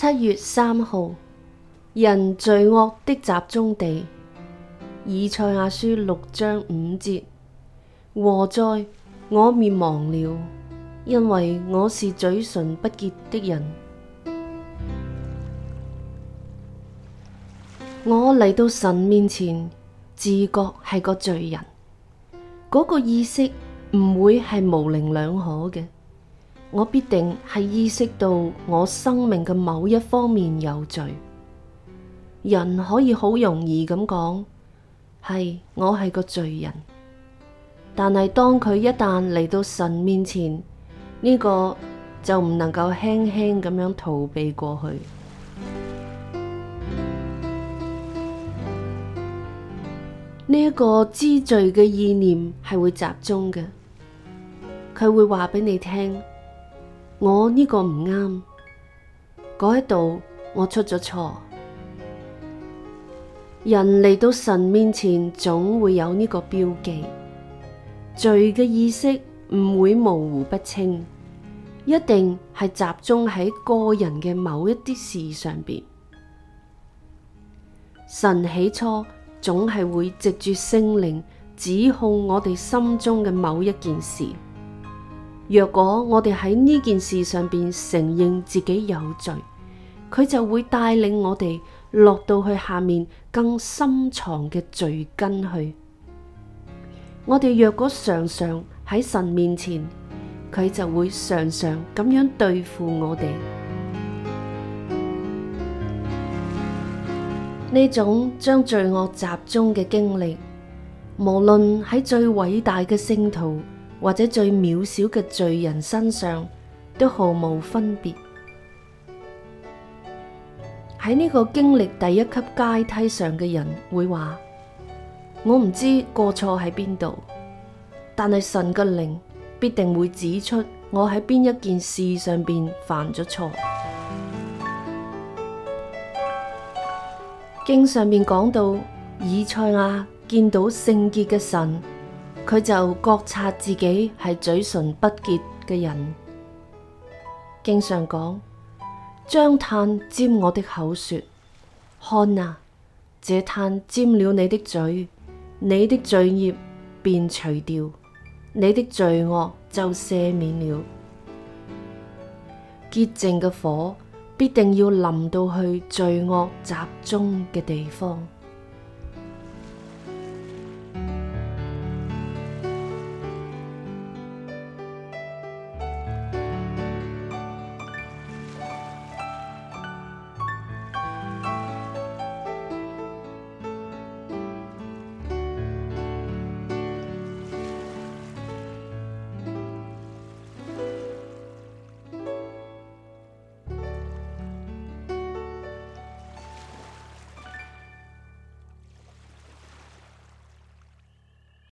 七月三號，人罪惡的集中地，以賽亞書六章五節，禍哉，我滅亡了，因為我是嘴唇不潔的人，我嚟到神面前，自覺係個罪人，嗰、那個意識唔會係模棱兩可嘅。我必定係意識到我生命嘅某一方面有罪。人可以好容易咁講，係我係個罪人。但係當佢一旦嚟到神面前，呢個就唔能夠輕輕咁樣逃避過去。呢一個知罪嘅意念係會集中嘅，佢會話俾你聽。我呢個唔啱，嗰一度，我出咗錯。人嚟到神面前，總會有呢個標記，罪嘅意識唔會模糊不清，一定係集中喺個人嘅某一啲事上面。神起初總係會藉住聖靈指控我哋心中嘅某一件事。若果我哋喺呢件事上邊承認自己有罪，佢就會帶領我哋落到去下面更深藏嘅罪根去。我哋若果常常喺神面前，佢就會常常咁樣對付我哋。呢種將罪惡集中嘅經歷，無論喺最偉大嘅聖徒，或者最渺小嘅罪人身上，都毫無分別。喺呢個經歷第一級階梯上嘅人會話：我唔知過錯喺邊度，但係神嘅靈必定會指出我喺邊一件事上邊犯咗錯。經上面講到，以賽亞見到聖潔嘅神。佢就覺察自己係嘴唇不潔嘅人，經常講：將炭沾我嘅口說，看啊，這炭沾了你的嘴，你的罪孽便除掉，你的罪惡就赦免了。潔淨嘅火必定要臨到去罪惡集中嘅地方。